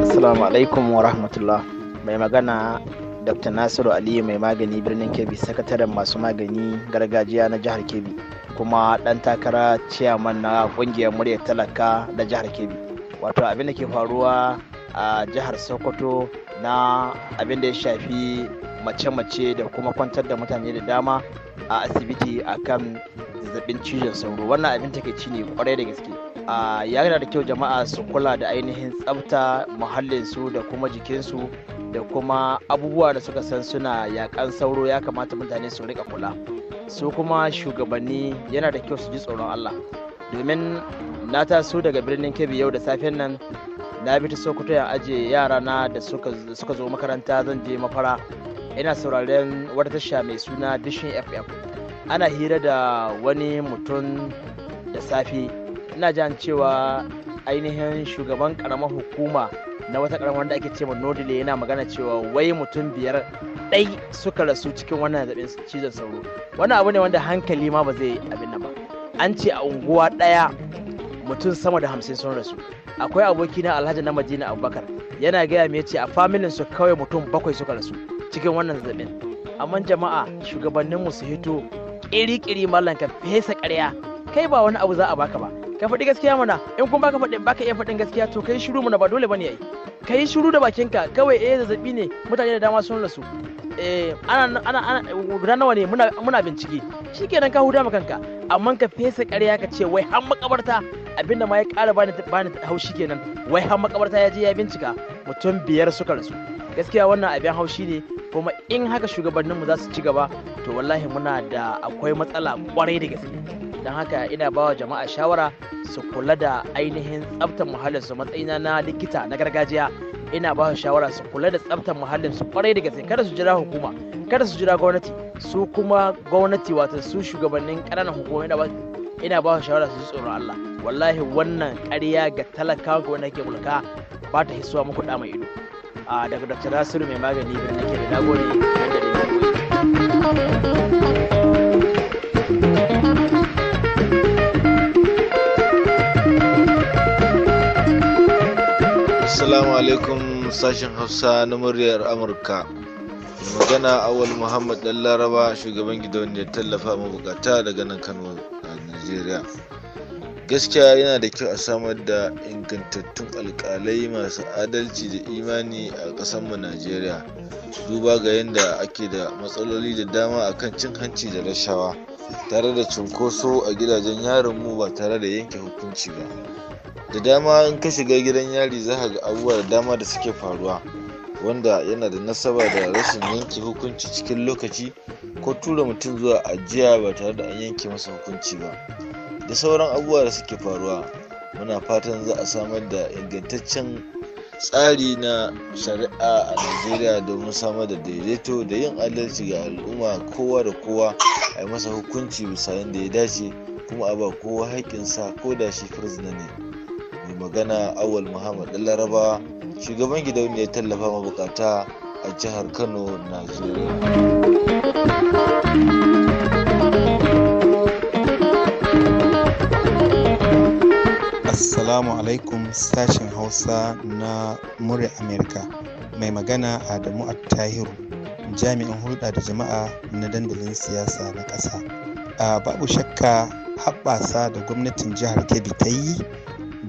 Assalamu alaikum wa rahmatullah mai magana Dr. Nasiru Aliyu mai magani birnin Kebbi sakataren masu magani gargajiya na jihar Kebbi kuma ɗan takara ciyaman na ƙungiyar muryar talaka da jihar Kebbi. Wato abinda ke faruwa a jihar Sokoto na abinda ya shafi mace-mace da kuma kwantar da mutane da dama a asibiti akan zazzabin cizon sauro wannan abin take ci ne kwarai da gaske a yana da kyau jama'a su kula da ainihin tsafta muhallinsu da kuma jikinsu da kuma abubuwa da suka san suna yakan sauro ya kamata mutane su rika kula su kuma shugabanni yana da kyau su ji tsoron allah domin na taso daga birnin kebbi yau da safen nan na bi ta sokoto yan ajiye yara na da suka zo makaranta zan je mafara ina sauraren wata tasha mai suna dishin ff ana hira da wani mutum da safe ina jan cewa ainihin shugaban karamar hukuma na wata karamar wanda ake cewa ma nodile yana magana cewa wai mutum biyar ɗai suka rasu cikin wannan zaɓen cizon sauro wani abu ne wanda hankali ma ba zai abin nan ba an ce a unguwa ɗaya mutum sama da hamsin sun rasu akwai aboki na alhaji na madina abubakar yana gaya mai ce a familin su kawai mutum bakwai suka rasu cikin wannan zaɓen amma jama'a shugabanninmu su hito ƙiri-ƙiri mallan ka fesa ƙarya kai ba wani abu za a baka ba ka faɗi gaskiya mana in kuma baka faɗin baka iya faɗin gaskiya to kai shiru mana ba dole bane yayi kai shiru da bakinka kawai eh zazzabi ne mutane da dama sun rasu eh ana ana ana guda nawa ne muna muna bincike shikenan ka huda kanka amma ka fesa ƙarya ka ce wai har makabarta abinda ma ya ƙara bani bani haushi kenan wai har makabarta ya je ya bincika mutum biyar suka rasu gaskiya wannan abin haushi ne kuma in haka shugabanninmu za su ci gaba to wallahi muna da akwai matsala kwarai da gaske don haka ina bawa jama'a shawara su kula da ainihin tsaftar muhallin su matsayina na likita na gargajiya ina ba su shawara su kula da tsaftar muhallin su kwarai da gaske kada su jira hukuma kada su jira gwamnati su kuma gwamnati wato su shugabannin ƙananan hukuma. ina ba su shawara su ji tsoron Allah wallahi wannan ƙarya ga talakawa ga wanda ke mulka ba ta hisuwa muku da mai ido a ah, daga Dr. Nasiru mai magani birnin ke da nagode Assalamu alaikum sashen Hausa na muryar Amurka. magana awal Muhammad ɗan Laraba shugaban gidan ya tallafa mabukata daga nan Kano a Najeriya. gaskiya yana da kyau a samar da ingantattun alkalai masu adalci da imani a ƙasarmu najeriya duba ga yadda ake da matsaloli da dama a kan cin hanci da rashawa tare da cunkoso a gidajen yarin mu ba tare da yanke hukunci ba da dama in ka shiga gidan yari za ka ga abubuwa da dama da suke faruwa wanda yana da nasaba da rashin yanke hukunci cikin lokaci ko tura mutum zuwa ajiya ba tare da an yanke masa hukunci ba da sauran abubuwa da suke faruwa muna fatan za a samar da ingantaccen tsari na shari'a a najeriya domin samar da daidaito da yin adalci ga al'umma kowa da kowa a yi masa hukunci bisa yadda ya dace kuma a ba kowa haƙƙinsa ko da shi firzina ne mai magana awal muhammad laraba shugaban gidauniyar tallafa mabukata a jihar kano najeriya Assalamu alaikum sashen Hausa na murya Amerika. Mai magana Adamu Attahiru, jami'in hulɗa da jama'a na dandalin siyasa na ƙasa. a babu shakka haɓasa da gwamnatin jihar Kebbi ta yi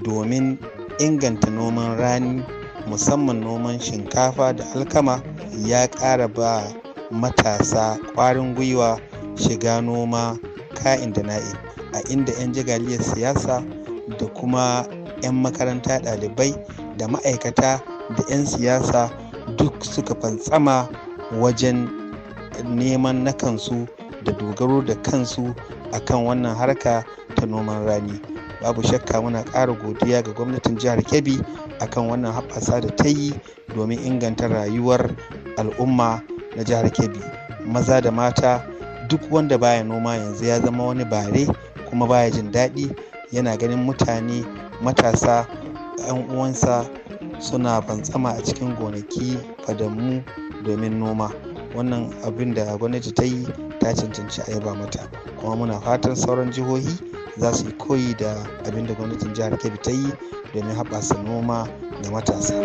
domin inganta noman rani musamman noman shinkafa da alkama ya ƙara ba matasa ƙwarin gwiwa shiga noma ka'in da na'in a inda 'yan jigaliyar siyasa da kuma 'yan makaranta ɗalibai da ma'aikata da 'yan siyasa duk suka fantsama wajen neman na kansu da dogaro da kansu a kan wannan harka ta noman rani babu shakka muna ƙara godiya ga gwamnatin jihar kebbi a kan wannan haɓasa da ta yi domin inganta rayuwar al'umma na jihar kebbi maza da mata duk wanda baya noma yanzu ya zama wani bare kuma baya jin daɗi yana ganin mutane matasa 'yan uwansa suna fantsama a cikin gonaki fadamu domin noma wannan abin da gwamnati ta yi ta cancanci a yaba mata kuma muna fatan sauran jihohi za su yi koyi da abin da gwamnatin jihar kebbi ta yi domin haɓasa noma da matasa